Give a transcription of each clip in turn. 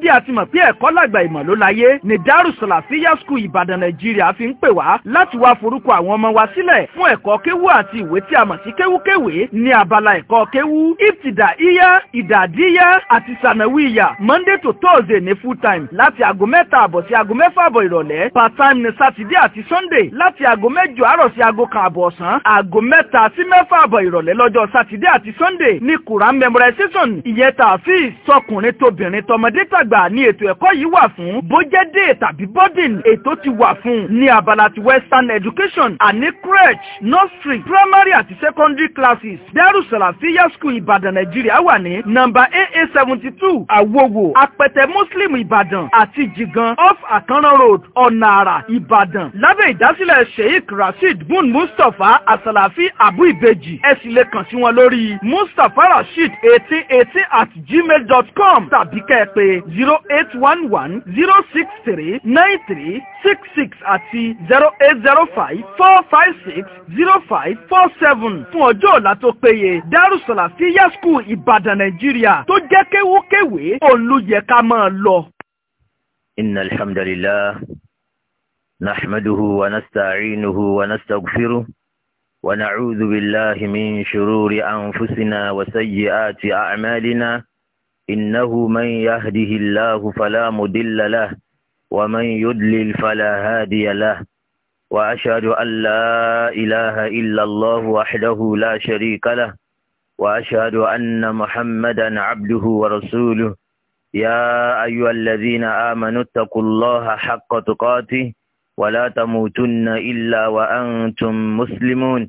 bí a ti mọ̀ pé ẹ̀kọ́ làgbà ìmọ̀ ló láyé ní Darusalafiya School Ìbàdàn Nàìjíríà fi ń pè wá láti wá forúkọ àwọn ọmọ wa sílẹ̀ fún ẹ̀kọ́ kéwú àti ìwé tí a mọ̀ sí kéwúkéwé ní abala ẹ̀kọ́ kéwú ìtìdàíyá ìdàdíyá àti sànàwíyà Monday to Thursday ní full time láti aago mẹ́ta àbọ̀ sí aago mẹ́fà àbọ̀ ìrọ̀lẹ́ part time ní Saturday àti Sunday láti aago mẹ́jọ àárọ̀ sí aago kan àbọ̀ ọ̀sán aago mẹ́ta sí mẹ́fà àbọ̀ ìrọ̀lẹ́ lọ́jọ́ Saturday àti Sunday ní Quran memorization ìyẹn tààfíì sọkùnrin tóbìnrin tọmọdé tàg àgbà ni ètò ẹ̀kọ́ yìí wà fún bó tàbí boarding ètò ti wà fún ní abala ti western education àní crèche nursery primary àti secondary classes dẹ́rù sàlàfíà school ìbàdàn nàìjíríà wà ní nọ́mbà aa seventy two àwòwò apẹtẹ muslim ìbàdàn àti jigan off àkànrán road ọ̀nà àrà ìbàdàn lábẹ́ ìdásílẹ̀ sheikh rasheed bun mustapha asalafi abu ibeji ẹ sì lè kàn sí wọn lórí mustapha rasheed eighteen eighteen at gmail dot com tàbí kẹ́ ẹ pè zero eight one one zero six three nine three six six àti zero eight zero five four five six zero five four seven fún ọjọ́ ọ̀la tó péye Darusalafiya School Ìbàdàn Nàìjíríà tó jẹ́ kéwúkéwé òun ló yẹ ká máa lọ. إن الحمد لله نحمده ونستعينه ونستغفره ونعوذ بالله من شرور أنفسنا وسيئات أعمالنا إنه من يهده الله فلا مدل له ومن يدلل فلا هادي له وأشهد أن لا إله إلا الله وحده لا شريك له وأشهد أن محمدا عبده ورسوله يا أيها الذين آمنوا اتقوا الله حق تقاته ولا تموتن إلا وأنتم مسلمون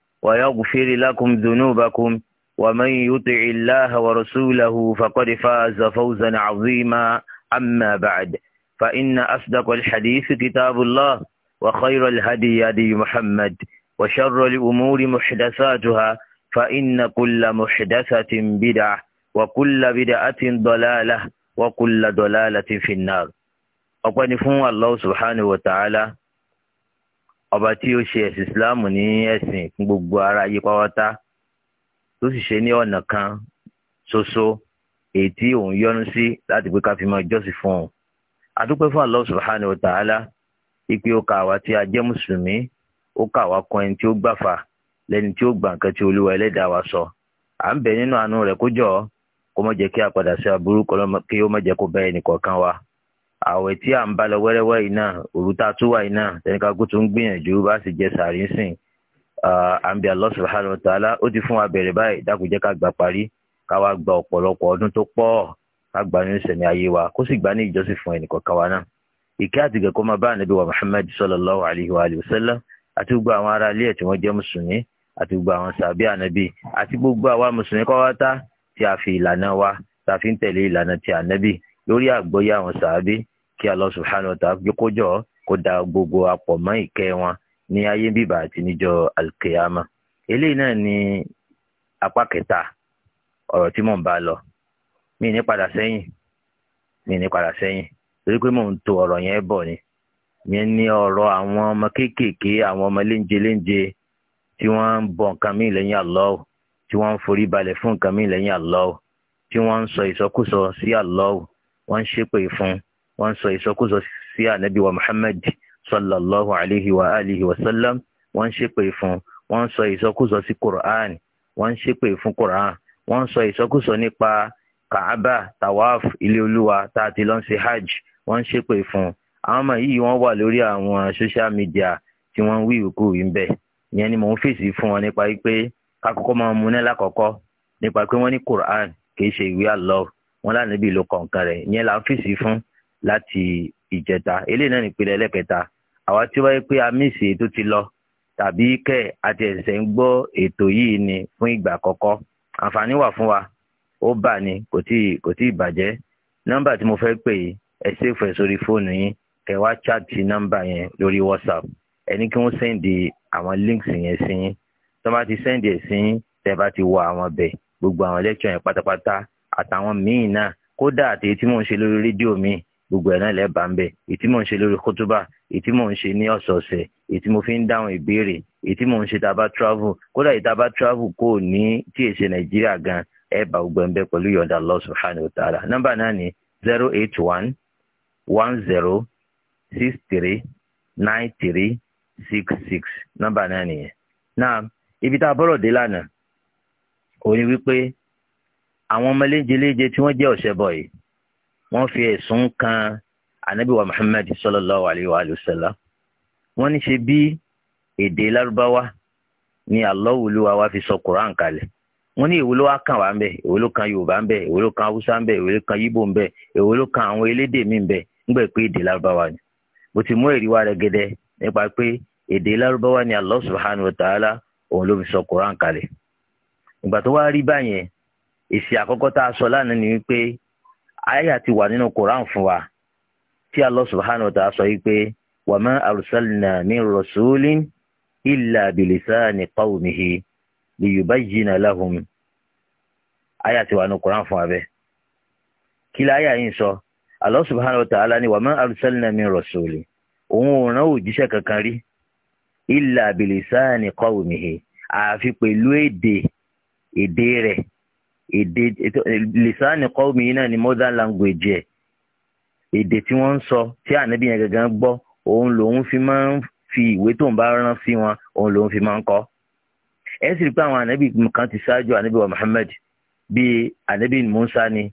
ويغفر لكم ذنوبكم ومن يطع الله ورسوله فقد فاز فوزا عظيما أما بعد فإن أصدق الحديث كتاب الله وخير الهدي هدي محمد وشر الأمور محدثاتها فإن كل محدثة بدعة وكل بدعة ضلالة وكل ضلالة في النار وقال الله سبحانه وتعالى ọba tí ó ṣe ẹ̀sìn ìsìláàmù ní ẹ̀sìn fún gbogbo ara ayé pátá tó sì ṣe ní ọ̀nà kan ṣoṣo èyí tí òun yọ́nú sí láti pé ká fi mọ ìjọsìn fún òun adúpẹ́ fún Allah subhanahu wa ta'ala ipe ó kà wá tí a jẹ́ mùsùlùmí ó kà wá kan ẹni tí ó gbàfà lẹni tí ó gbà nǹkan tí olúwa ẹlẹ́dàá wa sọ à ń bẹ nínú àánú rẹ̀ kó jọ kó má jẹ́ kí a padà sí aburú kí ó má jẹ́ kó bá ẹnì kọ̀ọ̀kan wa. àwẹ̀ tí à ń balẹ̀ wẹ́rẹ́wẹ́ yìí náà òru tá a tún wà yìí náà tẹnikagun tó ń gbìyànjú bá sì jẹ sàárì ń sìn àǹbí Allah subhanahu wa ta'ala ó ti fún wa bẹ̀rẹ̀ báyìí dákùjẹ́ ká gbà parí ká wá gba ọ̀pọ̀lọpọ̀ ọdún tó pọ̀ ká gbà nínú sẹ̀mí ayé wa kó sì gbà ní ìjọsìn fún ẹnìkan káwa náà ìkẹ́ àtìgẹ̀ kó máa bá ànábì wa Muhammad sallallahu alayhi wa tí a fi ìlànà wa tá a fi ń tẹ̀lé ìlànà ti ànábì lórí àgbọ́yé àwọn sàábí kí Allah subhanahu wa ta'ala kó jọ kó da gbogbo apọ̀ mọ́ ìkẹ́ wọn ní ayé bíbà àti níjọ alkiyama eléyìí náà ni apá kẹta ọ̀rọ̀ tí mò ń bá lọ mi ní padà sẹ́yìn mi ní padà sẹ́yìn torí pé mò ń to ọ̀rọ̀ yẹn bọ̀ ni yẹn ní ọ̀rọ̀ ọmọ kéékèèké ọmọ léńje léńje tí bọ nǹkan lẹ́yìn tí wọ́n ń forí fún nǹkan lẹ́yìn tí wọ́n ń ṣépè fún wọ́n ń sọ ìsọkúsọ sí ànábì wa Muhammad sallallahu alayhi wa alihi wa sallam wọ́n ń ṣépè fún wọ́n ń sọ ìsọkúsọ sí Qur'an wọ́n ń ṣépè fún Qur'an wọ́n ń sọ ìsọkúsọ nípa Kaaba tawaf ilé olúwa tá a ti lọ ń ṣe hajj wọ́n ń ṣépè fún àwọn ọmọ yìí wọ́n wà lórí àwọn social media tí wọ́n ń wí ìkú yìí ń bẹ̀ ìyẹn ni mò ń fèsì fún wọn nípa wípé kákọ́kọ́ máa mú náà lákọ̀ọ́kọ́ nípa pé wọ́n ní Qur'an kì í ṣe ìwé Allah wọn lánàbí ló kọ nǹkan rẹ̀ ìyẹn la ń fèsì fún láti ìjẹta eléyìí náà nípìnlẹ̀ ẹlẹ́kẹta àwa tí wáyé pé a tó ti lọ tàbí kẹ́ àti ẹ̀sẹ̀ ń gbọ́ ètò yìí ni fún ìgbà àkọ́kọ́ àǹfààní wà fún wa ó bà ní kò tí kò tí ì bàjẹ́ nọ́mbà tí mo fẹ́ pè yìí ẹ ṣèfẹ́ sórí fóònù yín kẹ́ wá chaàtì nọ́mbà yẹn lórí whatsapp ẹni kí wọ́n sẹ́ndì àwọn links yẹn sí yín tó bá ti sẹ́ndì ẹ̀ sí yín tẹ́ bá ti wọ àwọn bẹ̀ gbogbo àwọn lẹ́kṣọ̀ yẹn pátápátá àtàwọn míì náà kódà àti èyí tí mò ń ṣe lórí rédíò mi gbogbo ẹ̀ náà lẹ́bàá ń bẹ̀ èyí tí mò ń ṣe lórí kótóbà èyí tí mò ń ṣe ní ọ̀sọ̀ọ̀sẹ̀ èyí tí mo fi ń dáhùn ìbéèrè èyí tí mò ń ṣe tá a bá travel kódà èyí tá a bá travel kò ní tí èsè nàìjíríà gan ẹ bá gbogbo ẹ̀ ń bẹ̀ pẹ̀lú yọ̀ǹda Allah subhanahu wa ta'ala zero eight one one zero six three nine three six six nọ́mbà náà nìyẹn náà ibi tá a bọ́rọ̀ dé lánàá òní wípé àwọn ọmọ léjeléje tí wọ́n jẹ́ ọ̀ṣẹbọ yìí wọ́n fi ẹ̀sùn kan anabiwa muhammad sallallahu alayhi wa sallam wọ́n ní ṣe bí èdè lárúbáwá ni alọ́wùlúwa wa fi sọ quran kalẹ̀ wọ́n ní èwo ló wá kàn wá ń bẹ èwo ló kan yorùbá ń bẹ èwo ló kan haúsá ń bẹ èwo ló kan yíbò ń bẹ èwo ló kan àwọn elédè mi ń bẹ ńgbà pé èdè lárúbáwá ni mo ti mú èrí wa rẹ gẹdẹ nípa pé èdè lárúbáwá ni Allah wa ta'ala òun ló fi sọ quran kalẹ̀ ìgbà tó wá rí báyẹn esi àkọ́kọ́ tá a sọ lánàá ni wípé àyà ti wà nínú fún wa tí Allah subhanahu wa ta'ala sọ wípé wa ma arsalna min rasulin illa bilisani ti wà nínú fún wa bẹ́ẹ̀ kí la yìí sọ Allah subhanahu wa ta'ala ni òun ò òjíṣẹ́ kankan rí àfi pẹ̀lú èdè èdè èdè lìsáàni kọ́ọ̀mù yìí náà ni modern language ẹ̀ èdè tí wọ́n ń sọ tí ànábì yẹn gangan gbọ́ òun lòun fi máa ń fi ìwé tó ń bá rán sí wọn òun lòun fi máa ń kọ́ ẹ sì rí pé àwọn ànábì kan ti ṣáájú ànábì wa Muhammad bíi ànábì Musa ni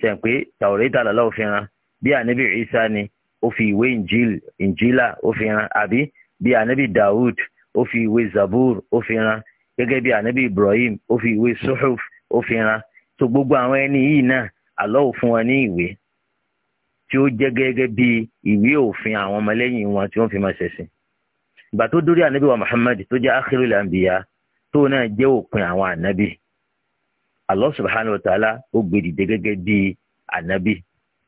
sẹ̀ǹpé tàwọ̀rẹ́tà lọ́lọ́ òfin ran bí ànábì Isa ni ó fi ìwé injil injila ó fi ran àbí bí ànábì Dawud ó fi ìwé Zabur ó fi ran gẹ́gẹ́ bí ànábì Ibrahim ó fi ìwé suhuf ó fi ran so gbogbo àwọn ẹni yìí náà àlọ́ ò fún wọn ní ìwé tí ó jẹ́ gẹ́gẹ́ bí ìwé òfin àwọn ọmọlẹ́yìn wọn tí wọ́n fi máa ṣẹ̀sìn ìgbà tó dórí ànábì wa Muhammad tó jẹ́ akhirul anbiya tó náà jẹ́ òpin àwọn ànábì Allah subhanahu wa ta'ala ó gbé dìde gẹ́gẹ́ bí ànábì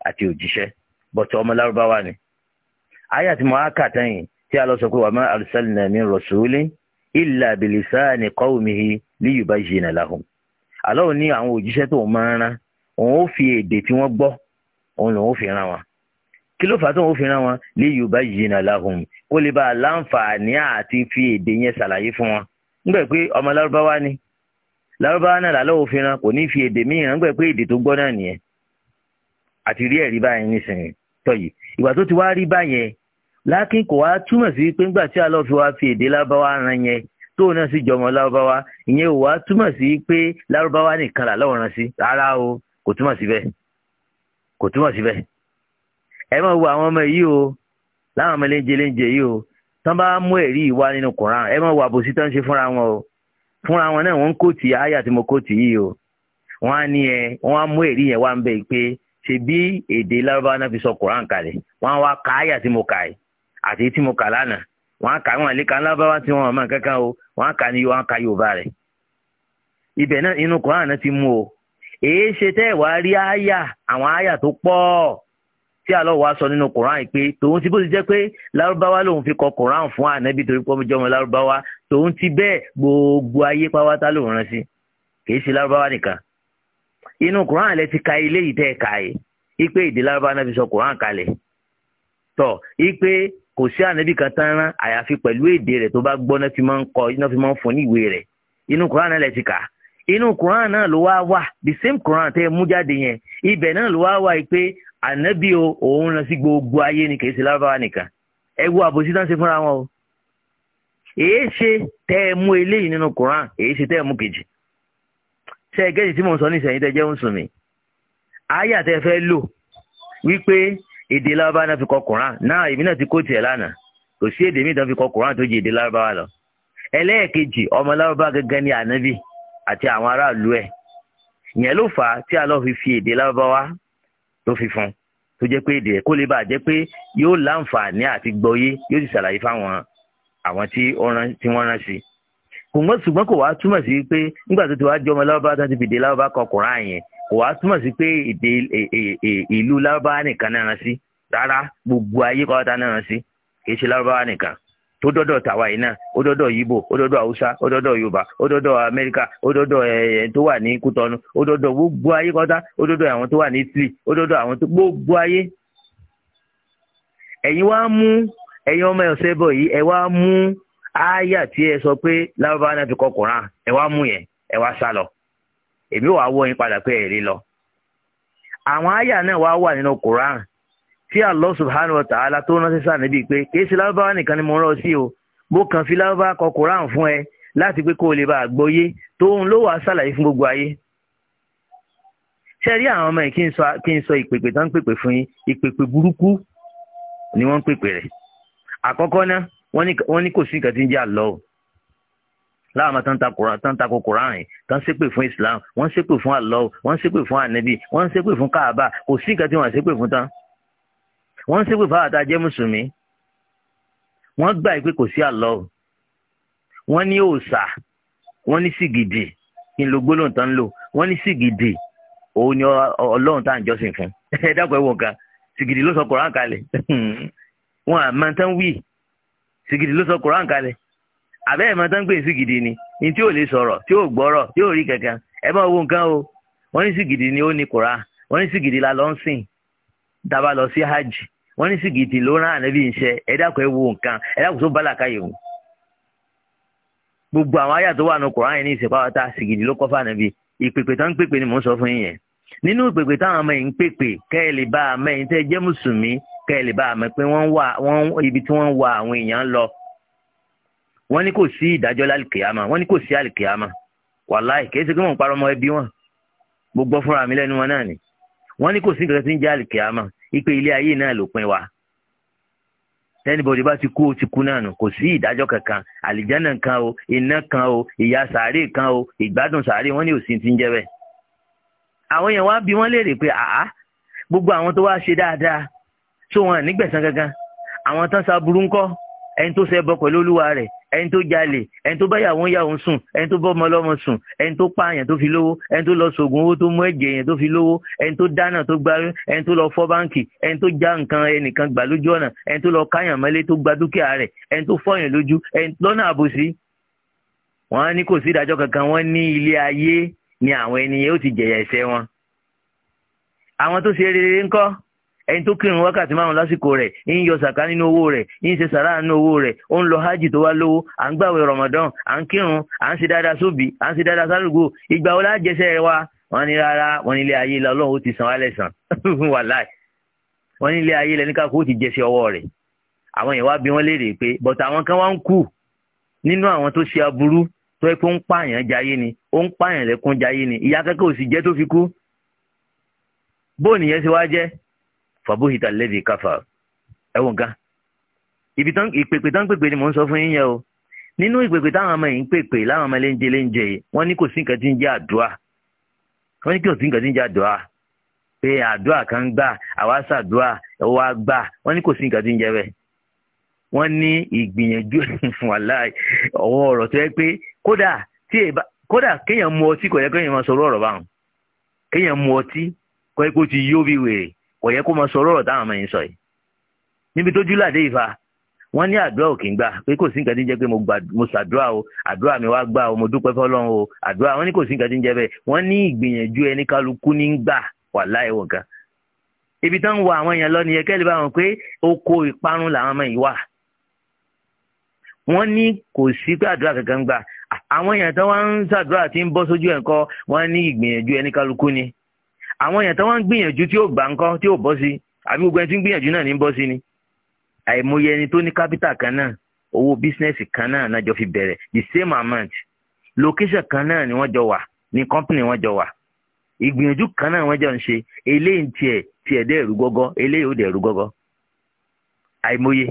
àti òjíṣẹ́ bọ̀tọ̀ ọmọ lárúbáwá ni àyà tí mo á kà tí a lọ sọ pé wa ma arsalna min rasulin illa bilisani qawmihi liyubayyina lahum aláwo ní àwọn òjíṣẹ́ tó máa ń rán òun ó fi èdè tí wọ́n gbọ́ òun lòun ó fi rán wọn kí ló fà á tó òun fi rán wọn lè yorùbá yìí nà láhùn kó lè bá a láǹfààní àti fi èdè yẹn ṣàlàyé fún wọn nígbà pé ọmọ lárúbáwá ni lárúbáwá náà làlọ́ òfin rán kò ní fi èdè mìíràn nígbà pé èdè tó gbọ́ náà nìyẹn àti rí ẹ̀rí báyìí nísìnyí tọ́yì ìgbà tó ti wá rí báyẹn lákìn kò wá túmọ̀ sí pé ńgbà tí àlọ́ fi wá fi èdè lárúbáwá ran yẹn tóun náà sì jọmọ lárúbáwá ìyẹn ò wá túmọ̀ sí pé lárúbáwá nìkan là rárá o kò túmọ̀ síbẹ̀ kò túmọ̀ ẹ wo àwọn ọmọ yìí o láwọn ọmọ yìí o tán bá mú ẹ̀rí ìwá nínú Koran, ẹ máa wo àbòsí tán ṣe fúnra wọn o fúnra wọn náà wọ́n ń kóòtì àyà tí mo kóòtì yìí o wọ́n á ní ẹ yẹn wá ń pé bí èdè lárúbáwá náà fi sọ ka àyà tí wọ́n á kà wọ́n àlékà alábáwá tí wọ́n mọ̀ kankan o wọ́n á kà ní wọ́n á kà yorùbá rẹ̀ ibẹ̀ náà inú kọ́ra náà ti mú o èé ṣe tẹ́ ìwà rí àyà àwọn àyà tó pọ̀ tí àlọ́ wa sọ nínú Quran pé tòun ti bó ti jẹ́ pé lárúbáwá lòun fi kọ Quran fún ànábì torí pé ọmọdé ọmọ lárúbáwá tòun ti bẹ́ẹ̀ gbogbo ayé pátá lòun rán sí kìí ṣe lárúbáwá nìkan inú Quran lẹ ti ka ilé yìí tẹ́ ẹ̀ ka yìí ipe èdè lárúbáwá náà fi sọ Quran kalẹ̀ tọ̀ ipe kò sí ànábì kan tán rán àyàfi pẹ̀lú èdè rẹ̀ tó bá gbọ́ náà fi máa ń kọ iná fi máa ń fún ní ìwé rẹ̀ inú Quran náà lẹ ti kà inú Quran náà ló wá wà the same Quran tẹ́ ẹ mú jáde yẹn ibẹ̀ náà ló wá wà yìí pé ànábì o òun lọ sí gbogbo ayé ni kìí ṣe lárúbáwá nìkan ẹ wo àbòsí tán ṣe fúnra wọn o èé ṣe tẹ́ ẹ mú eléyìí nínú Quran èé ṣe tẹ́ ẹ mú kejì ṣe é gẹ́gì tí mò ń sọ nísìnyí tẹ́ jẹ́ ń èdè lárúbáwá náà fi kọ Quran náà èmi náà ti kó tiẹ̀ lánàá kò sí èdè mi tán fi kọ Quran tó ju èdè lárúbáwá lọ ẹlẹ́ẹ̀kejì ọmọ lárúbáwá gẹ́gẹ́ ní ànábì àti àwọn aráàlú ẹ̀ ìyẹn ló fà á tí Allah fi fi èdè lárúbáwá tó fi fún tó jẹ́ pé èdè kó lè bàa jẹ́ pé yóò láǹfààní àti gbọ́yé yóò sì ṣàlàyé fáwọn àwọn tí wọ́n rán sí kò mọ́ ṣùgbọ́n kò wá túmọ̀ sí pé nígbà tó ti wá jẹ́ ọmọ lárúbáwá tó ti fìdí kò wá túmọ̀ sí pé èdè e, e, e, ìlú lárúbáwá nìkan náà sí rárá gbogbo ayé kọ́ta náà sí kì í ṣe lárúbáwá nìkan tó dọ́dọ̀ tàwa yìí náà ó dọ́dọ̀ yíbò ó dọ́dọ̀ haúsá ó dọ́dọ̀ yorùbá ó dọ́dọ̀ amẹ́ríkà ó dọ́dọ̀ ẹ̀ tó wà ní kútọ́nu ó dọ́dọ̀ gbogbo ayé kọ́ta ó dọ́dọ̀ àwọn tó wà ní italy ó dọ́dọ̀ àwọn tó gbogbo ayé. ẹ̀yin wá mú ẹ̀yin ọmọ ẹ̀sẹ̀ bọ̀ yìí ẹ̀ wá mú ááyà tí ẹ sọ pé lárúbáwá náà ti kọ ẹ̀ wá mú yẹn ẹ̀ wá sálọ èmi wàá wọ́ yín padà pé èrè lọ. àwọn àyà náà wàá wà nínú Quran tí Allah subhanahu wa ta'ala tó ránṣẹ́ sáà níbi pé kì í ṣe lárúbáwá nìkan ni mo rán ọ sí o mo kàn fi lárúbáwá kọ Quran fún ẹ láti pé kó o lè bá àgbọ́yé tó ń ló wàá ṣàlàyé fún gbogbo ayé. ṣé rí àwọn ọmọ yìí kí n sọ ìpèpè tán ń pèpè fún yín ìpèpè burúkú ni wọ́n ń pèpè rẹ̀ àkọ́kọ́ náà wọ́n ní kò sí nǹkan tí ń jẹ́ àlọ́ o láwọn tó ń ta koran tó ń ta ko koran rìn tó ń ṣépè fún islam wọ́n ń ṣépè fún alọ́ wọ́n ń ṣépè fún anabi wọ́n ń ṣépè fún kaaba kò sí nǹkan tí wọ́n ń ṣépè fún tán wọ́n ń ṣépè fún àwọn àtàjẹ́ mùsùlùmí wọ́n gbà pé kò sí alọ́ wọ́n ní òòṣà wọ́n ní sìgìdì kí n lo gbólóhùn tán ń lò wọ́n ní sìgìdì òun ni ọlọ́run tá à ń jọ́sìn fún ẹ dákun ẹ wọ̀ kan sìgìdì ló sọ koran kalẹ̀ wọn àmọ́ tán wí sìgìdì ló sọ koran kalẹ̀ àbẹ́ ẹ̀mọ́ tán ń pè sí gidi ni ní tí ò lè sọ̀rọ̀ tí ò gbọ́rọ̀ tí ò rí kankan ẹ bá wo nǹkan o wọ́n ní sí gidi ni ó ní kura wọ́n ní sí gidi la lọ ń sìn dábàá lọ sí hajj wọ́n ní sí ló rán ànábì ń ẹ dákun ẹ wo nǹkan ẹ dákun tó bálàkà yìí gbogbo àwọn àyà tó wà nù kura yẹn ní ìsèpáwọ́ta sí ló kọ́ fànàbì ìpèpè tán ń pèpè ni mò ń sọ fún yín yẹn nínú ìpèpè táwọn ọmọ yìí ń pèpè kẹ́ẹ̀lì bá àmọ́ ẹ̀yin tẹ́ wọ́n ní kò sí ìdájọ́ lálìkèyàmà wọ́n ní kò sí àlìkèyàmà wàláì kìí ṣe kí wọ́n ń parọ́ ọmọ ẹbí wọn gbogbo fúnra mi lẹ́nu wọn náà ni wọ́n ní kò sí nǹkan tí ń jẹ́ àlìkèyàmà ipe ilé ayé náà ló pin wa tẹ́nibọ̀dì bá ti kú ó ti kú náà nù kò sí ìdájọ́ kankan àlìjánà kan o iná kan o ìyà sàárè kan o ìgbádùn sàárè wọ́n ní òsì ti ń jẹ́ bẹ́ẹ̀ àwọn èèyàn wá bí wọ́n léèrè pé àá gbogbo àwọn tó wá ṣe dáadáa tó wọn nígbẹ̀san kankan àwọn tán sa burú ńkọ́ ẹni tó ṣẹbọ pẹ̀lú olúwa rẹ̀ ẹni tó jalè ẹni tó bá yàwó ń yàwó ń sùn ẹni tó bá ọmọ ọlọ́mọ sùn ẹni tó pààyàn tó fi lówó ẹni tó lọ sògùn owó tó mú ẹ̀jẹ̀ yẹn tó fi lówó ẹni tó dáná tó gbárí ẹni tó lọ fọ́ báǹkì ẹni tó já nǹkan ẹnìkan gbà lójú ọ̀nà ẹni tó lọ káyàn mọ́lé tó gba dúkìá rẹ̀ ẹni tó fọ́yàn lójú ẹni lọ́nà àbòsí. wọ́n ní kò sí ìdájọ́ kankan wọ́n ní ilé ayé ni àwọn ènìyàn ó ti jẹ̀yà ẹ̀ṣẹ̀ wọn. àwọn tó ṣe rere ńkọ́ ẹni tó kírun wákàtí márùn lásìkò rẹ̀ ń yọ sàká nínú owó rẹ̀ ń ṣe sàrà nínú owó rẹ̀ ó ń lọ hajj tó wá lówó à ń gbàwé ramadan à ń kírun à ń ṣe dáadáa sóbì à ń ṣe dáadáa sálùgbò ìgbà wo lájẹsẹ wa wọ́n ní rárá wọ́n ní ilé ayé la Ọlọ́run ó ti san wálẹ san wàláì wọ́n ní ilé ayé lẹni káko ó ti jẹsẹ ọwọ́ rẹ̀ àwọn yẹn wá bí wọ́n léèrè pé bọtà àwọn kan wá ń kú nínú àwọn tó ṣe aburú tó yẹ kó ń fàbúhìtà lẹ́dí káfà ẹ̀wọ̀n gan ibi tán ìpèpè tán pèpè ni mò ń sọ fún yín yẹn o nínú ìpèpè táwọn ọmọ yìí ń pèpè láwọn ọmọ léńjẹ léńjẹ yìí wọ́n ní kò sí nǹkan tí ń jẹ́ àdúrà wọ́n ní kò sí nǹkan tí ń àdúrà pé àdúrà kan gbà àwa wa gbà wọn ní kò sí nǹkan tí ń bẹ́ẹ̀ ní ìgbìyànjú fún aláì ọwọ́ ọ̀rọ̀ tó yẹ pé kódà kéèyàn mu ọtí kò yẹ kéèyàn máa sọ kò yẹ kó máa sọ ọ̀rọ̀ táwọn ọmọ yẹn sọ yìí níbi tó júlà dé ìfà wọn ní àdúrà ò kì í gbà pé kò sí nǹkan tí ń jẹ́ pé mo ṣàdúrà o àdúrà mi wá gbà o mo dúpẹ́ fọ́lọ́run o àdúrà wọn ní kò sí nǹkan tí ń jẹ́ bẹ́ẹ̀ wọn ní ìgbìyànjú ẹni kálukú ní gbà wà láì gan ibi tán ń wọ àwọn èèyàn lọ kẹ́lẹ́ bá wọn pé oko ìparun làwọn ọmọ yìí wà wọ́n ní kò sí pé àdúrà kankan gbà àwọn èèyàn tán wá ń ṣàdúrà tí ń bọ́ sójú ẹ̀ wọ́n ní ìgbìyànjú ẹni kálukú ni àwọn èèyàn tó wọ́n ń gbìyànjú tí ó gbà ńkọ́ tí ó bọ́ sí àbí gbogbo ẹni tí ń gbìyànjú náà ní bọ́ sí ni àìmọye ẹni tó ní kápítà kan náà owó bísínẹ́sì kan náà náà fi bẹ̀rẹ̀ the same amount location kan náà ni wọ́n jọ wà ní company wọ́n jọ wà ìgbìyànjú kan náà wọ́n jọ ń ṣe eléyìí tiẹ̀ tiẹ̀ dẹ̀ rú gọ́gọ́ eléyìí ó dẹ̀ rú gọ́gọ́ àìmọye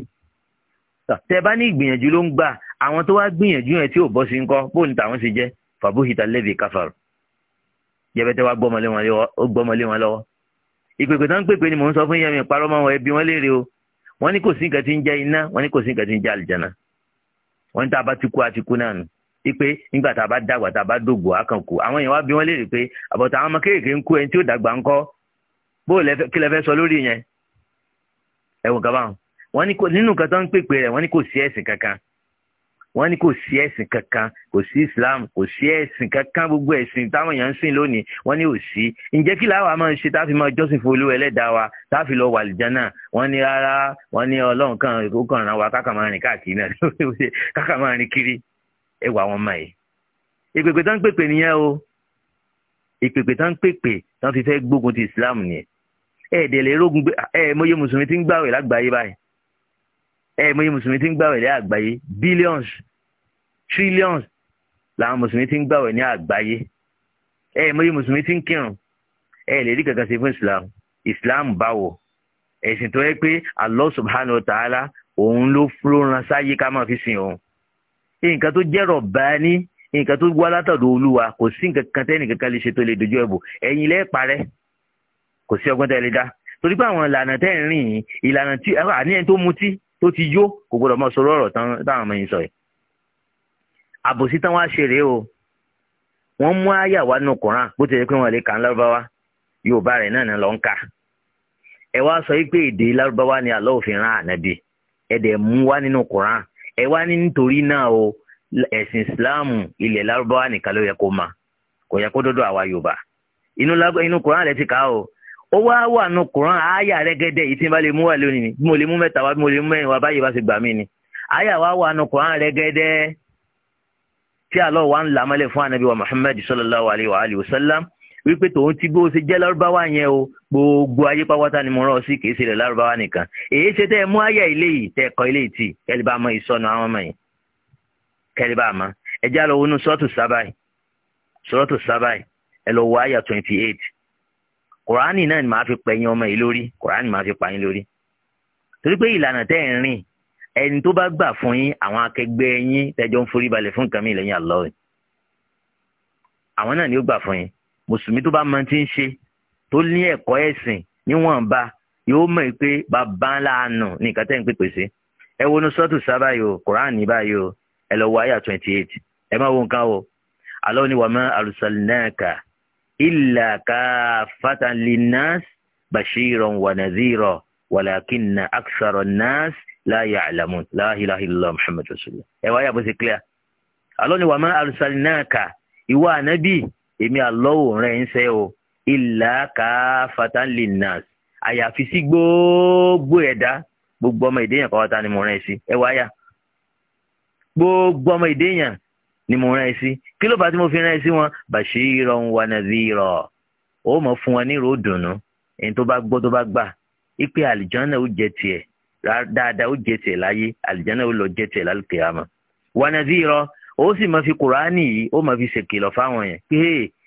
tẹ bá ní ìgbìyànjú ló ń gbà àwọn tó wá gbìyànjú yẹn tí ò bọ́ sí ńkọ́ bóun tàwọn ṣe jẹ́ fàbóhìtà lẹ́bi káfàrọ̀ jẹ́bẹ́tẹ́ wá gbọ́mọlé wọn lọ́wọ́ ìpèpè tán ń pèpè ni mò ń sọ fún yẹmi ìparọ́ mọ́ wọn ẹbí wọn léèrè o wọ́n ní kò sí nǹkan tí ń jẹ́ iná wọ́n ní kò sí nǹkan tí ń jẹ́ àlìjáná wọ́n ní tá a bá ti kú a ti kú náà nù ipe nígbà tá a bá dàgbà tá a bá dògbò a kàn àwọn èèyàn wá bí wọ́n léèrè pé àbọ̀tà àwọn ọmọ kéèké ń kú ẹni tí ó dàgbà ńkọ́ bó kí lẹ fẹ́ sọ wọ́n ní kò sí ẹ̀sìn kankan kò sí islam kò sí ẹ̀sìn kankan gbogbo ẹ̀sìn táwọn èèyàn ń sìn lónìí wọ́n ní ò sí ǹjẹ́ kí làwa máa ń ṣe tá a fi máa jọ́sìn fún olúwa ẹlẹ́dàá wa tá a fi lọ wà lìjánà wọ́n ní rárá wọ́n ní ọlọ́run kan ó kàn ràn wá káka máa rìn káàkiri náà káka máa rìn kiri ẹ wọn máa yìí ìpèpè tán ń pèpè nìyẹn o ìpèpè tán ń pèpè tán fi fẹ́ gbógun ti islam nìyẹn ẹ̀ẹ́dẹ̀ lè rógun ẹ̀ mọ́yé mùsùlùmí ti ń gbàwẹ̀ lágbàáyé ẹ̀ẹ́mọye mùsùlùmí ti ń gbàwẹ̀ ní àgbáyé billions trillions làwọn mùsùlùmí ti ń gbàwẹ̀ ní àgbáyé ẹ̀ẹ́mọye mùsùlùmí ti ń kírun ẹ̀ lè rí kankan ṣe fún islam islam báwo ẹ̀sìn tó yẹ pé Allah subhanahu wa ta'ala òun ló fúnra sáyé ká máa fi sìn òun nǹkan tó jẹ́ rọ̀bání nǹkan tó wá látọ̀dọ̀ olúwa kò sí nǹkan kan tẹ́nì kankan lè ṣe tó lè dojú ẹ̀bù ẹ̀yin lẹ́ẹ̀ parẹ́ kò sí ọgbọ́n tẹ́ lè dá torí pé àwọn ìlànà tẹ́ ń rìn yìí ìlànà tí àní tó mutí tó ti yó kò gbọdọ̀ mọ sọ̀rọ̀ ọ̀rọ̀ ọmọ yìí sọ yìí àbòsí táwọn á ṣe rèé o wọn mú àyà wá nù Kùrán bó ti yẹ pé lè kà ń lárúbáwá Yorùbá náà lọ ń kà ẹ wá sọ pé èdè lárúbáwá ni àlọ́ òfin rán ànábì ẹ dẹ̀ mú wá nínú o ẹ̀sìn Islam ilẹ̀ lárúbáwá nìkan ló yẹ ma kò yẹ kó dọ́dọ̀ àwa Yorùbá inú o ó wá wà nù kùrán àáyà rẹ́gẹ́dẹ́ yìí tí n bá lè mú wà lónìí ni bí mo lè mú mẹ́ta wá bí mo lè mú mẹ́rin wá báyìí bá ṣe gbà mí ni àáyà wá wà nù kùrán rẹ́gẹ́dẹ́ tí àlọ́ wa ń là mọ́lẹ̀ fún anabi wa muhammed sallallahu alayhi wa alayhi wa sallam wípé tòun ti bó ṣe jẹ́ lárúbáwá yẹn o gbogbo ayé pátá ni mo rán ọ sí kì ṣe lè lárúbáwá nìkan èyí ṣe tẹ́ ẹ mú àyà ilé yìí tẹ́ ẹ kọ́ ilé yìí tì kẹ́lí bá mọ ìsọnù àwọn ọmọ yìí kẹ́lí bá mọ ẹ já lọ wọnú sọ́ọ̀tù sábàì sọ́ọ̀tù sábàì ẹ lọ wọ àyà twenty eight kùránì náà ni màá fi pẹ̀yìn ọmọ yìí lórí kùránì màá fi pa yín lórí torí pé ìlànà tẹ́ ẹ̀ ń rìn ẹni tó bá gbà fún yín àwọn akẹgbẹ́ yín tẹ́jọ́ ń forí balẹ̀ fún nǹkan mi lẹ́yìn Allah àwọn náà ni ó gbà fún yín mùsùlùmí tó bá mọ ti ń ṣe tó ní ẹ̀kọ́ ẹ̀sìn níwọ̀nba yóò mọ̀ pé bàbá ńlá àánú ní nǹkan ń pèpè sí ẹ wo ní sọ́tù sábà yìí o kùránì báyìí o ẹ lọ wo àyà twenty eight ẹ má wo nǹkan o Allah ni wàmọ́ àrùsàlẹ̀ náà kà illa kaffatan linnas bashiran wa nadhira walakinna akthara an-nas la ya'lamun la ilaha illallah muhammadur rasulullah ẹ wáyà bó ṣe clear alọ́ ni wà má arsalnaka ìwà ànábì èmi àlọ́wò rẹ̀ ń sẹ́ o ìlà kaffatan linnas àyàfi sí gbogbo ẹ̀dá gbogbo ọmọ ìdéyàn kọ́wọ́ta ni mo rẹ̀ sí ẹ wáyà gbogbo ọmọ ìdéyàn ni mo rán ẹ sí kí ló bá tí mo fi rán ẹ sí wọn bashiran wa nadhira ó mọ̀ fún wọn ní ìró dùnú ẹni tó bá gbọ́ tó bá gbà ipe àlìjánà ó jẹ tiẹ̀ dáadáa ó jẹ tiẹ̀ láyé àlìjánà ó lọ jẹ tiẹ̀ lálùkìyàmọ̀ wa nadhira ó sì máa fi kùránì yìí ó máa fi ṣèkìlọ̀ fáwọn yẹn pé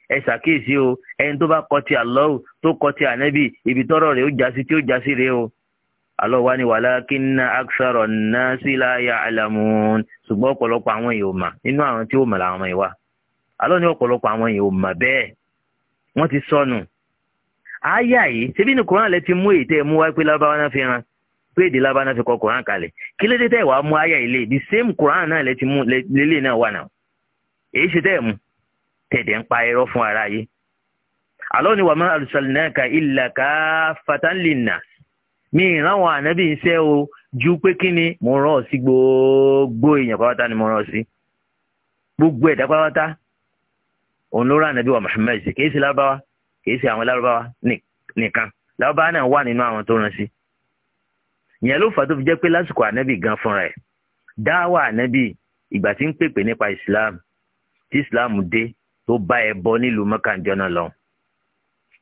ẹ ṣàkíyèsí o ẹni tó bá kọ ti Allah tó kọ ti ànábì ibi tọ́rọ̀ rẹ̀ ó jásí tí ó jásí rèé o alọ́wà ni walakinna akthara nnasi la ya'lamun ṣùgbọ́n ọ̀pọ̀lọpọ̀ àwọn èèyàn ò mà nínú àwọn tí ó mọ̀ làwọn ìwà alọ́ ni ọ̀pọ̀lọpọ̀ àwọn èèyàn ò mà bẹ́ẹ̀ wọ́n ti sọnù àáyá yìí ṣebí ní kuran lẹ ti mú èyí tẹ́ ẹ mú wáyé pé lábáwá náà fi hàn pé èdè lábáwá náà fi kọ kuran kalẹ̀ kí lédè tẹ́ ẹ wàá mú àáyá yìí lé the same kuran náà lẹ ti mú lélẹ̀ náà wà náà èyí ṣe tẹ́ ẹ mú tẹ̀dẹ̀ ń pa irọ́ fún ara yìí alọ́ ni wàá má arsalnaka illa kaffatan linnas mi ìrànwọ́ ànábì ń ṣe o ju pé kí ni mo rán ọ sí gbogbo èèyàn pátá ni mo rán ọ sí gbogbo ẹ̀dá pátá òun ló rán ànábì wa Muhammad sí kì í ṣe lárúbáwá kì í ṣe àwọn lárúbáwá nìkan lárúbáwá náà wà nínú àwọn tó rán sí ìyẹn ló fà tó fi jẹ́ pé lásìkò ànábì gan fúnra ẹ̀ dáwà ànábì ìgbà tí ń pèpè nípa Islam tí Islam dé tó bá ẹ bọ nílùú mọ́kànjọ́ náà lọ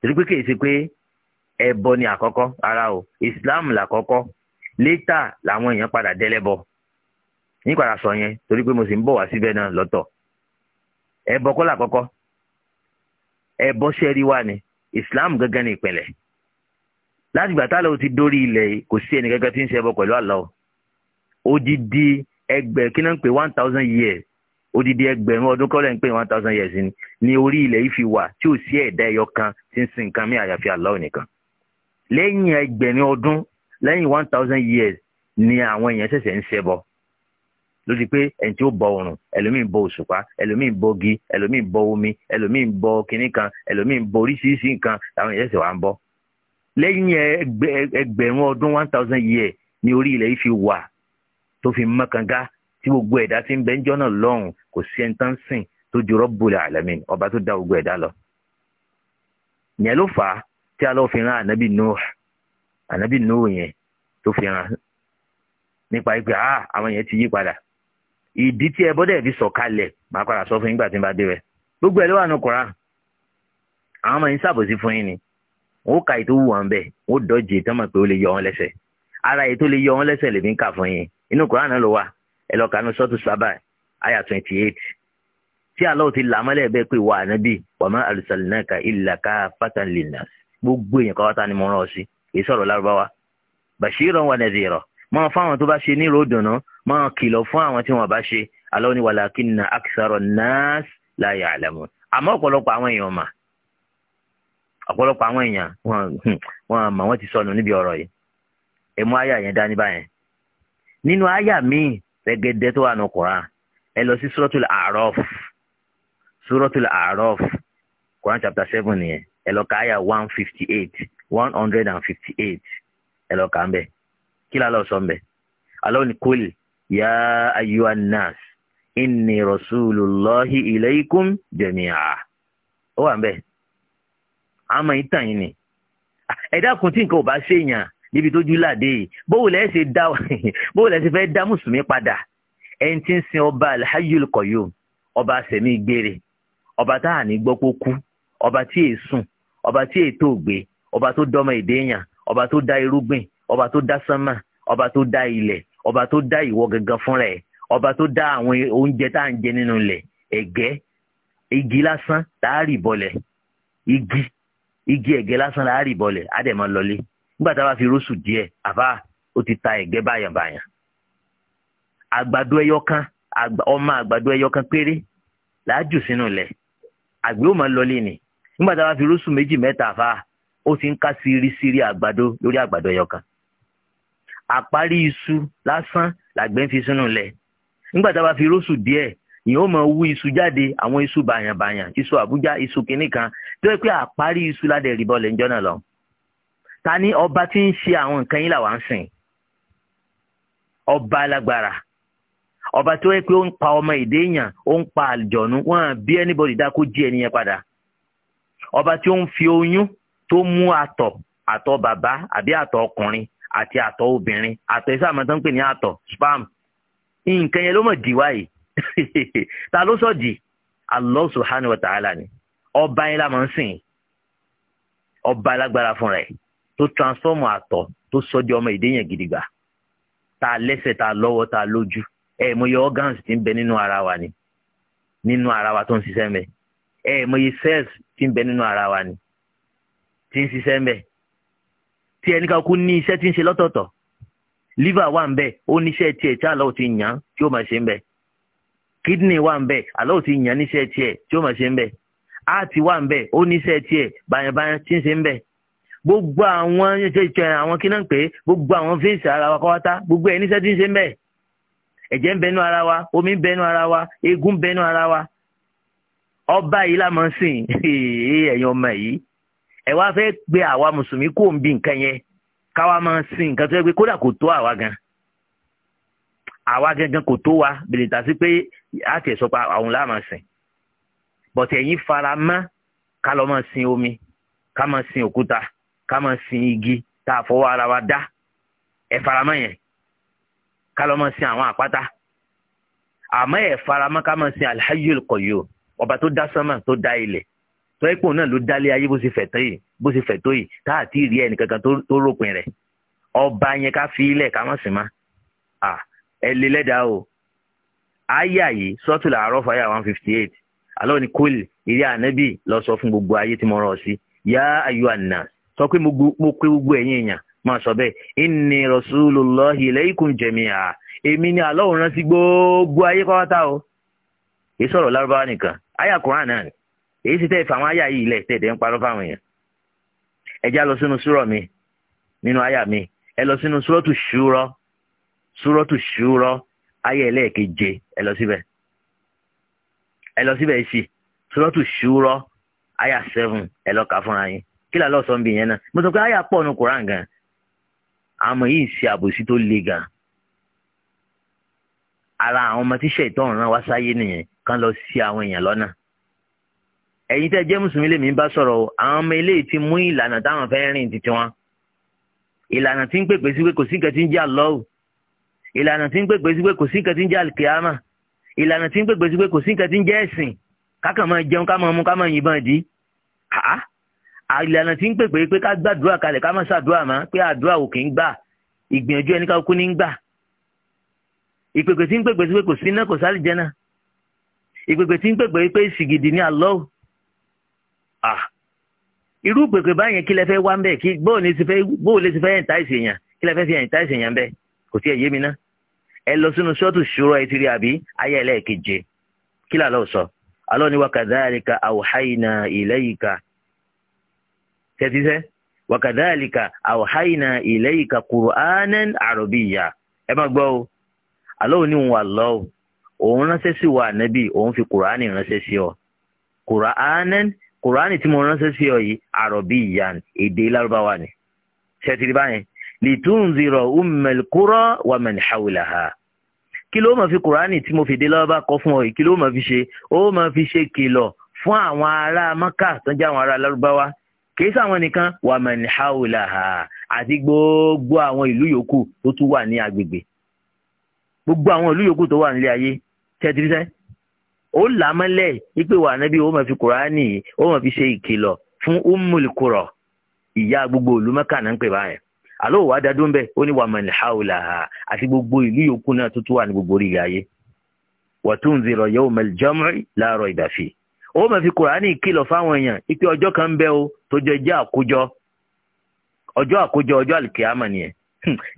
torí pé kì í ṣe pé ẹbọ ni àkọ́kọ́ ara o islam làkọ́kọ́ létà làwọn èèyàn padà dẹ́lẹ́bọ ní padà sọ yẹn torí pé mo sì ń bọ̀ wá síbẹ̀ náà lọ́tọ̀ ẹbọ kọ́ làkọ́kọ́ ẹbọ ṣẹ́rí wà ní islam gẹ́gẹ́ ní ìpìlẹ̀ láti gbà tá ló ti dórí ilẹ̀ kò sí ẹnì gẹ́gẹ́ tí ń ṣe ẹbọ pẹ̀lú Allah odidi ẹgbẹ́ kí náà ń pè one thousand years odidi ẹgbẹ̀rún ọdún kọ́lẹ̀ ń pè one thousand years ni ní orí ilẹ̀ yìí fi wà tí ò sí ẹ̀dá ẹyọ kan tí ń sin nǹkan mí àyàfi Allah nìkan lẹ́yìn ẹgbẹ̀rin ọdún lẹ́yìn one thousand years ni àwọn èèyàn ṣẹ̀ṣẹ̀ ń ṣẹbọ lórí pé ẹni tí ó bọ oòrùn ẹlòmíì ń bọ òṣùpá ẹlòmíì ń bọ igi ẹlòmíì ń bọ omi ẹlòmíì ń bọ kinní kan ẹlòmíì bọ oríṣiríṣi nǹkan làwọn èèyàn ṣẹ̀ṣẹ̀ wá ń bọ lẹ́yìn ẹgbẹ̀rún ọdún one thousand years ni orí ilẹ̀ yìí fi wà tó fi mọ́kànga tí gbogbo ẹ̀dá ti ń bẹ ń jọ́nà lọ́hùn kò sí ẹni tán sìn tó ju Rabbul Alamin ọba tó dá gbogbo ẹ̀dá lọ. yẹn ló fà á tí a lọ fi ran ànábì Nuh ànábì Nuh yẹn tó fi ran nípa àwọn yẹn ti yí padà ìdí tí ẹ bọ́dẹ̀ fi sọ̀kalẹ̀ máa padà sọ fún yín gbà tí n bá dé rẹ gbogbo ẹ̀ ló wà ní àwọn ọmọ yín sàbòsí fún yín ni wọn ó ka ètò wù pé ó lè yọ wọn ara ètò lè yọ wọn ń fún yín inú náà lọ kà ní sábà àyà twenty eight tí ti là wà á nábì náà gbogbo èèyàn kọ́ta ni mo rán ọ sí èyí sọ̀rọ̀ lárúbáwá bàṣírọ̀ wà nàzírọ̀ máa fáwọn tó bá ṣe nírò dùnú máa kìlọ fún àwọn tí wọ́n bá ṣe alọ́ ni la àwọn èèyàn mà ọpọlọpọ àwọn èèyàn wọn mà ti sọnù níbi ọrọ yìí àyà yẹn dání báyẹn nínú àyà míì tó wà ẹ lọ sí ẹ lọ one fifty eight one hundred and fifty eight ẹ lọ kà ń bẹ̀ kí lálọ́ sọ ń bẹ̀ alọ́ ni ayúwa nas inni rasulillahi ilaykum jẹ̀míà ó wà ń bẹ̀ àmọ́ ìtàn yìí ni ẹ̀dá kun tí nǹkan ò bá ṣèyàn níbi tójú láde yìí bówó lẹ́ẹ̀ ṣe dá bówó lẹ́ẹ̀ ṣe fẹ́ dá mùsùlùmí padà ẹni tí ń sin ọba alhayul qayyum ọba sẹ̀mí gbére ọba tá à ní gbọ́ pé ó kú ọba tí èè sùn ọba tí ètò ògbé ọba tó dọ́mọ èdè èèyàn ọba tó dá irúgbìn ọba tó dá sánmà ọba tó dá ilẹ̀ ọba tó dá ìwọ gangan fúnra ẹ̀ ọba tó dá àwọn oúnjẹ tá à ń jẹ nínú ilẹ̀ ẹ̀gẹ́ igi lásán láàárì bọlẹ̀ igi igi ẹ̀gẹ́ lásán láàárì bọlẹ̀ àdẹ̀mọ́ lọlé nígbà tá a bá fi rúṣù díẹ̀ àbá ó ti ta ẹ̀gẹ́ báyàbáyà àgbàdo ẹyọ kan ọmọ àgbàdo ẹyọ kan péré làá sínú ilẹ̀ àgbẹ̀ ó máa lọlé ni nígbà tá a bá fi rúṣù méjì mẹ́ta fa ó ti ń ká sírísírí àgbàdo lórí àgbàdo ẹyọ kan àparí iṣu lásán làgbẹ̀ ń fi sínú ilẹ̀ nígbà tá a bá fi rúṣù díẹ̀ ìyẹn ó mọ wú iṣu jáde àwọn iṣu bàyànbàyàn iṣu àbújá iṣu kìnnì kan tó yẹ pé àparí iṣu ládẹ ìrìbọ lè ń jọ́nà lọ ta ni ọba tí ń ṣe àwọn nǹkan yìí làwọn ń sìn ọba alágbára ọba tó yẹ pé ó ń pa ọmọ ìdéyàn ó ń pa àlùjọ̀nù wọn bí anybody dá kó jí ẹnìyẹn padà ọba tí ó ń fi oyún tó mú àtọ̀ àtọ̀ bàbá àbí àtọ̀ ọkùnrin àti àtọ̀ obìnrin àtọ̀ iṣẹ́ àmọ́ ń pè ní àtọ̀ spam nǹkan yẹn ló mọ̀ dì wáyé ta ló sọ dì Allah subhanahu wa ta'ala ni ọba yẹn la máa ń sìn ọba alágbára fúnra ẹ̀ tó transform àtọ̀ tó sọ di ọmọ èdè yẹn gidigba ta lẹ́sẹ̀ ta lọ́wọ́ ta lójú ẹ̀ mo yọ organs tí ń bẹ nínú ara wa ni nínú ara wa tó ń ṣiṣẹ́ mẹ́ẹ̀ ẹ mọye cells tí ń bẹ nínú ara wa ni tí ń ṣiṣẹ́ ń bẹ tí ẹnì kan kú ní iṣẹ́ tí ń ṣe lọ́tọ̀ọ̀tọ̀ liver wà ń bẹ ó níṣẹ́ tiẹ̀ tí àlọ́ ti yàn án tí ó máa ṣe ń bẹ kidney wà ń bẹ àlọ́ ti yàn án níṣẹ́ tiẹ̀ tí ó máa ṣe ń bẹ heart wà ń bẹ ó níṣẹ́ tiẹ̀ bàyànbàyàn tí ń ṣe ń bẹ gbogbo àwọn àwọn kí náà pé gbogbo àwọn veins ara wa kọ́wátá gbogbo ẹ̀ níṣẹ́ tí ń ṣe ń bẹ ẹ̀jẹ̀ ń bẹnu ara wa omi ń bẹnu ara wa eegun ń bẹnu ara wa ọba yìí la máa ń sìn ẹ̀yin ọmọ yìí ẹ wá fẹ́ gbé àwa mùsùlùmí kò ń bí nǹkan yẹn káwa máa ń sìn nǹkan tó yẹ pé kódà kò tó àwa gan àwa gangan kò tó wa bèrè sí pé a tiẹ̀ sọ pé àwọn la máa sìn bọ̀tẹ̀ ẹ̀yin fara mọ́ ká lọ́ máa sin omi ká máa sin òkúta ká máa sin igi tá a fọwọ́ ara wa dá ẹ fara mọ́ yẹn ká lọ́ máa sin àwọn àpáta àmọ́ ẹ fara mọ́ ká máa sin alhayyul qayyum ọba tó dá sánmà tó dá ilẹ̀ tó ipò náà ló dálé ayé bó ṣe fẹ̀ tó yìí bó ṣe fẹ̀ tó yìí tá à ti rí ẹnìkankan tó ròpin rẹ̀ ọba yẹn ká fi ilẹ̀ ká má sì má à ẹ lè lẹ́dàá o àyà yìí sọ́tù làárọ̀ fàyà one fifty eight àlọ́ ni kólì ìrí ànábì lọ sọ fún gbogbo ayé tí mo rọ̀ sí yá ayú àná sọ pé mo pé gbogbo ẹ̀yin èèyàn máa sọ bẹ́ẹ̀ inni rasulullahi ilaykum jami'a èmi ni àlọ́ òun rántí gbogbo ayé pátá o kì sọ̀rọ̀ lárúbáwá nìkan àyà Kùránì náà ni èyí sì tẹ́ ìfà àwọn àyà yìí lẹ̀ tẹ̀dẹ̀ ń parọ́ fáwọn lọ sínú súrọ̀ mi nínú àyà mi ẹ lọ sínú súrọ̀tù ṣúrọ̀ súrọ̀tù ṣúrọ̀ àyà ẹlẹ́ẹ̀keje ẹ lọ síbẹ̀ ẹ lọ síbẹ̀ sí súrọ̀tù ṣúrọ̀ àyà seven ẹ lọ kà fúnra yín kí làlọ́ sọ ń bì yẹn náà nu gan àmọ́ yìí ń ṣe le gan ara ọmọ tíṣẹ̀ kan lọ sí àwọn èèyàn lọ́nà ẹ̀yin tẹ́ jẹ́ mùsùlùmí lèmi bá sọ̀rọ̀ o àwọn ọmọ eléyìí ti mú ìlànà táwọn fẹ́ rìn títí wọn ìlànà tí ń pèpè sí pé kò sí nǹkan tí ń jẹ́ àlọ́ọ̀ ìlànà tí ń pèpè sí pé kò sí nǹkan tí ń jẹ́ àlùkìyàmà ìlànà tí ń pèpè sí pé kò sí nǹkan tí ń jẹ́ ẹ̀sìn kákan máa jẹun ká máa mu ká máa yìnbọn dì ìlànà tí ń pèpè pé ká gbàdúrà kalẹ̀ ká má ṣàdúrà mọ́ pé àdúrà ò kì í gbà ìgbìyànjú ẹni ká kú ní gbà ìpèpè tí ń pèpè sí pé kò sí iná kò sálì jẹ́ náà ìpèpè tí ń pèpè pé ìsìgìdì ní àlọ́ irú pèpè báyẹn kí lẹ fẹ́ wá ń bẹ̀ kí bóò lè ti fẹ́ ẹ̀ǹtá ìsèyàn kí lẹ fẹ́ fi ẹ̀ǹtá ìsèyàn bẹ̀ kò tí ẹ̀ yé mi ná ẹ lọ sínú sọ́ọ̀tù ṣúrọ̀ ẹ ti rí àbí ayé ẹlẹ́ẹ̀keje kí làlọ́ sọ alọ́ ni wa kadhalika awhayna tẹ́tíṣẹ́ wa kadhalika awhayna ilayka qur'anan ẹ má gbọ́ o alọ́ ni wà lọ́wọ́ òun ránṣẹ́ sí wa ànábì òun fi kùránì ránṣẹ́ sí ọ kùránì tí mo ránṣẹ́ sí ọ yìí àròbí ìyá èdè lárúbáwá ni ṣètìlí báyẹn lìtúnzìrọ̀ ummẹ̀lkúrọ̀ wà mẹ̀nìhàwìlà ha kí ló máa fi kùránì tí mo fi dé lọ́wọ́ bá kọ́ fún ọ yìí kí ló máa fi ṣe ó máa fi ṣe kìlọ̀ fún àwọn ará maka tó ń jẹ́ àwọn ará lárúbáwá kìí sáwọn nìkan wà mẹ̀nìhàwìlà ha àti gbogbo àwọn ìlú yòókù tó tún wà ní agbègbè gbogbo àwọn ìlú yòókù tó wà nílé ayé tẹ́tìrìsẹ́ ó là mọ́lẹ̀ wípé wà nábì ó máa fi kùránì ó máa fi ṣe ìkìlọ̀ fún umulikurọ̀ ìyá gbogbo ìlú mẹ́kà náà ń pè báyẹn àlọ́ òwà dá dún bẹ́ẹ̀ ó ní wà mọ̀lẹ́ haúlà àti gbogbo ìlú yòókù náà tó tún wà ní gbogbo orí ayé wà tó ń zèrò yẹ́wò mẹ́lẹ́ jọ́mọ́rì láàárọ̀ ìdàfí ó máa fi kùránì kìlọ̀ fáwọn èèyàn wípé ọjọ́ kan ń o tó jẹ́ àkójọ ọjọ́ àkójọ ọjọ́ àlùkìyàmọ̀ nìyẹn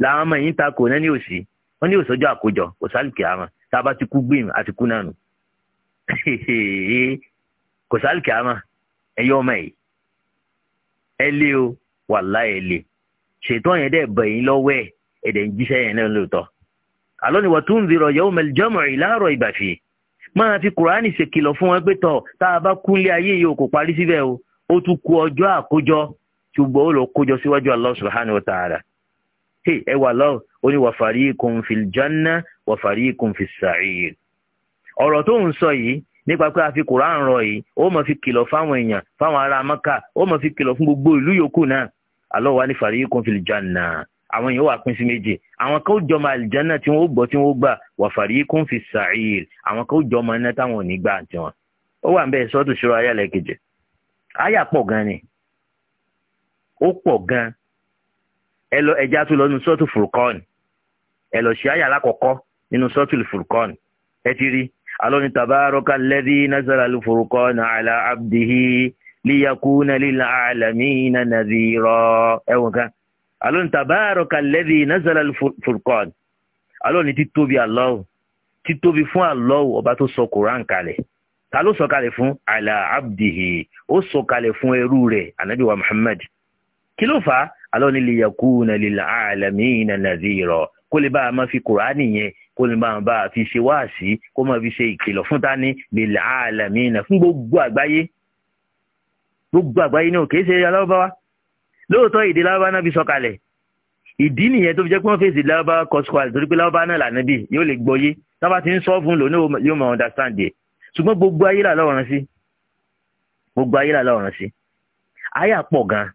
làwọn ọmọ yìí ń takò náà ní òsì wọ́n ní òsọjọ́ àkójọ òsàlùkìyàmọ̀ tá a bá ti kú gbìm àti kú náà nù kò sálì kìámà ẹ ọmọ yìí ẹ lé o wàlá ẹ lé ṣètò yẹn dẹ bẹ yín lọ́wọ́ ẹ ẹdẹ ń jíṣẹ́ yẹn náà lóòótọ́ àlọ́ ni wọ́n tún ń zirọ yẹ́wò mẹ́lì jọ́mọ̀ rí láàárọ̀ ìbàfẹ́ máa fi kùránì ṣèkìlọ̀ fún wọn pé tọ̀ tá a bá kú ilé ayé yìí ò kò parí síbẹ̀ o ó tún kú ọjọ́ àkójọ ṣùgbọ́n ó lọ kójọ síwájú Allah subhanahu wa ta'ala hey ẹ wà lọ́wọ́ ó ní wa fariqun fil janna wa fariqun fis sa'ir ọ̀rọ̀ tó ń sọ yìí nípa pé a fi Kùránì rọ̀ yìí ó mọ̀ fi kìlọ̀ fáwọn èèyàn fáwọn ará Mẹ́kà ó mọ̀ fi kìlọ̀ fún gbogbo ìlú yòókù náà Allah wa ní fariqun fil janna àwọn yòówà pín sí méje àwọn kan ó jọmọ àlìjánná tí wọn ó gbọ́ tí wọn gbà wa fariqun fis sa'ir àwọn kan ó jọmọ iná táwọn ò gbà tiwọn ó wà ń ẹ lọ ẹja tó lọ nínú sọ́ọ̀tù furcon ẹ lọ ṣe àyà alákọ̀ọ́kọ́ nínú sọ́ọ̀tù furcon ẹ ti rí alọ́ni tabaraka alladhi nazala al-furqan ala abdihi liyakuna lil alamina nadhira ẹ̀wọ̀n kan alọ́ni tabaraka alladhi nazala al-furqan alọ́ni títóbi Allah títóbi fún Allah ọba tó sọ Kùránì kalẹ̀ ta ló sọ̀kalẹ̀ fún ala abdihi ó sọ̀kalẹ̀ fún ẹrú rẹ̀ anabi Muhammad kí ló fà á alọ́ni lè yẹ̀kú na lè àlàmì na nàzírọ̀ kó lè bá a máa fi kùránì yẹn kó lè máa bá a fi ṣe wáàsí kó máa fi ṣe ìkìlọ̀ fún tani lè àlàmì na fún gbogbo àgbáyé gbogbo àgbáyé ni ò kìí ṣe alábáwá lóòótọ́ èdè lábáwá náà fi sọ̀kalẹ̀ ìdí nìyẹn tó fi jẹ́ pé wọ́n fèsì lábáwá kọ́sùkọ́lì torí pé lábáwá náà lànà bí yóò lè gbọ́yé tábà ti ń sọ́ fún lòun yóò máa understand yẹ ṣùgbọ́n gbogbo ayé là lọ́rùn sí gbogbo ayé là lọ́rùn sí ayé àpọ̀ gan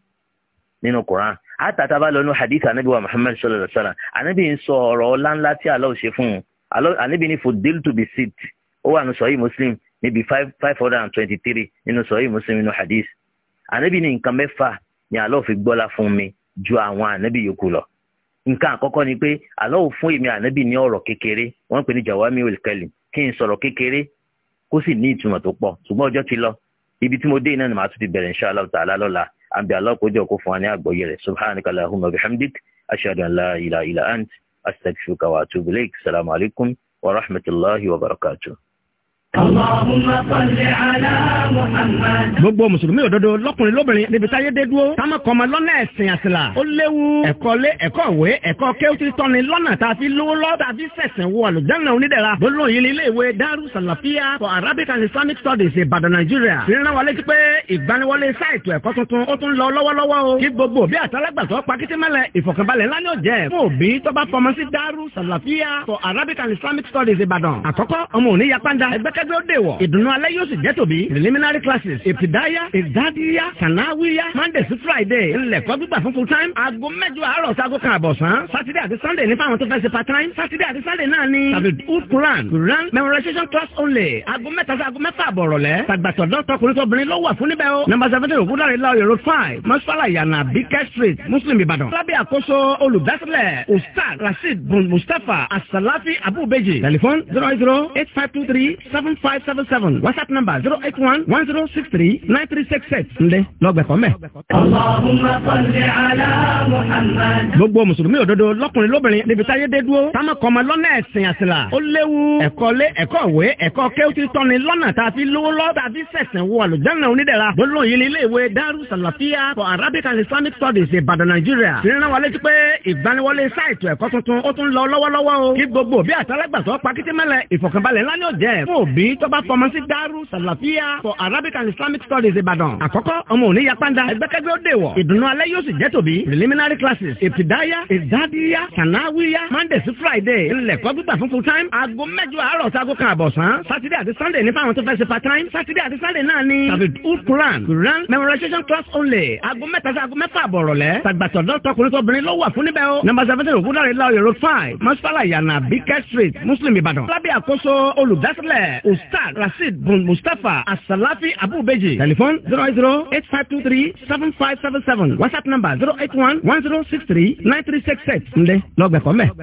nínú Quran àtàtà bá lọ́nu hadith anabi wa muhammad sallallahu alaihi wa sallam anabi ń sọ ọ̀rọ̀ ọlá ńlá tí Allah ṣe fún un anabi ní fudil to be sit ó wà ní sọ̀yí muslim níbi five hundred and twenty-three nínú sọ̀yí muslim nínú hadith anabi ní nǹkan mẹ́fà ni Allah fi gbọ́lá fún mi ju àwọn anabi yòókù lọ nǹkan àkọ́kọ́ ni pé Allah fún èmi anabi ní ọ̀rọ̀ kékeré wọ́n pè ní jawami olùkẹ́lì kí n sọ̀rọ̀ kékeré kó sì ní ìtumọ̀ tó pọ̀ ṣùgbọ́n ọjọ́ ti lọ ibi tí mo dé iná ni màá tún ti bẹ̀rẹ̀ insha Allah lọ́la àbí alákòójọ kó fún wa ní àgbọ́yé rẹ̀ subhanaka allahumma bihamdik ashhadu an la ilaha illa ant astaghfiruka wa atubu ilayk salamu alaykum wa rahmatulahi wa barakatuh gbogbo mùsùlùmí òdodo lọkùnrin lóbìnrin níbi táyé dé dúró táwọn kọ́mọ lọ́nà ẹ̀sìn àṣìlá ó léwu ẹ̀kọ́ lé ẹ̀kọ́ ìwé ẹ̀kọ́ kéwùtì tọ́ni lọ́nà tá a fi lówó lọ tá a fi sẹ̀sìn wọ àlùjáná onídẹ̀ra gbólóhùn yìí ní ilé ìwé Daru Salafia for Arabic and Islamic Studies Ìbàdàn Nàìjíríà ìrìnà wọlé ti pé ìgbaniwọlé sáìtù ẹ̀kọ́ tuntun ó tún lọ lọ́wọ́lọ́wọ́ o kí gbogbo bí àtàlágbàtọ́ pakitimẹ́lẹ̀ ìfọ̀kànbalẹ̀ ńlá ni ó jẹ́ fún òbí tó Daru Salafia for Arabic and Islamic Studies Ìbàdàn àkọ́kọ́ ọmọ òní yapanda dúró dè wọ̀. ìdùnnú alẹ́ yóò sì jẹ́ tòbí. preliminary classes ìpìdáyà ìdádíyà sànáwíyà monday sí friday ńlẹ̀kọ́ gbígbà fún full time. aago mẹ́jọ àárọ̀ sago kan àbọ̀sán. saturday àti sunday ní fáwọn tó fẹ́ ṣe part time. saturday àti sunday náà ni. david hood quran quran memorization class only. aago mẹ́ta sí aago mẹ́fà àbọ̀rọ̀lẹ́. tàgbàtọ̀dọ̀ tọkùnrin tóbìnrin ló wà fún níbẹ̀ o. number seventeen ògúndàrí láòyè road five masfala yana bikẹ́ street muslim ìbàdàn. lábẹ́ àkóso olùdásílẹ̀ ustaz rasheed bun mustapha asalafi abubeji. telephone zero eight zero eight five two three seven 1577 whatsapp number 081 1063 9368 ǹdẹ́ lọ́gbẹ̀kọ́ mẹ́. Allahumma salli ala Muhammad. gbogbo mùsùlùmí òdodo lọ́kùnrin lóbìnrin níbi táyé dé dúró támọ̀kọ́mọ lọ́nà ẹ̀sìn àṣìlá ó léwu ẹ̀kọ́ lé ẹ̀kọ́ ìwé ẹ̀kọ́ kéwútì tọ́ni lọ́nà tá a fi lówó lọ́ tá a fi sẹ̀sìn wo àlùjáná onídẹ̀ra gbólóhùn yìí ní ilé ìwé Daru Salafia for Arabic and Islamic Studies Ìbàdàn Nàìjíríà ìrìnà wa létí pé ìgbaniwọlé sáìtù ẹ̀kọ́ tuntun ó tún lọ lọ́wọ́lọ́wọ́ o kí gbogbo bí àtàlágbàtọ́ pakítímẹ́lẹ̀ ìfọ̀kànbalẹ̀ ńlá ni ó jẹ́ tàbí tó bá fọmọ sí Daru Salafia for Arabic and Islamic Studies Ìbàdàn. àkọ́kọ́ ọmọ òní yapanda ẹgbẹ́kẹ́gbẹ́ ó dèwọ̀ ìdùnnú alẹ́ yóò sì jẹ́ tòbí preliminary classes ìtìdáyà ìdádíyà sànáwíyà Monday sí Friday ńlẹ̀kọ́ gbígbà fún full time aago mẹ́jọ àárọ̀ sí aago kan àbọ̀sán Saturday àti Sunday ní fáwọn tó fẹ́ ṣe part time Saturday àti Sunday náà ni tàbídùú Quran Quran memorization class only aago mẹ́ta sí aago mẹ́fà àbọ̀rọ̀lẹ́ tàgbàtọ̀dọ̀ tọkùnrin tóbìnrin ló wà fún níbẹ̀ o number seventeen ògúnláre road five masipala yànnà bíkẹ́ street Muslim Ìbàdàn lábẹ́ àkóso olùdásílẹ̀ ustaz rasheed bun mustapha asalafi abubeji telephone zero eight zero eight five two three seven five seven seven whatsapp number zero eight one one zero six three nine three six six ǹdẹ lọ́gbẹ̀kọ́ mẹ́.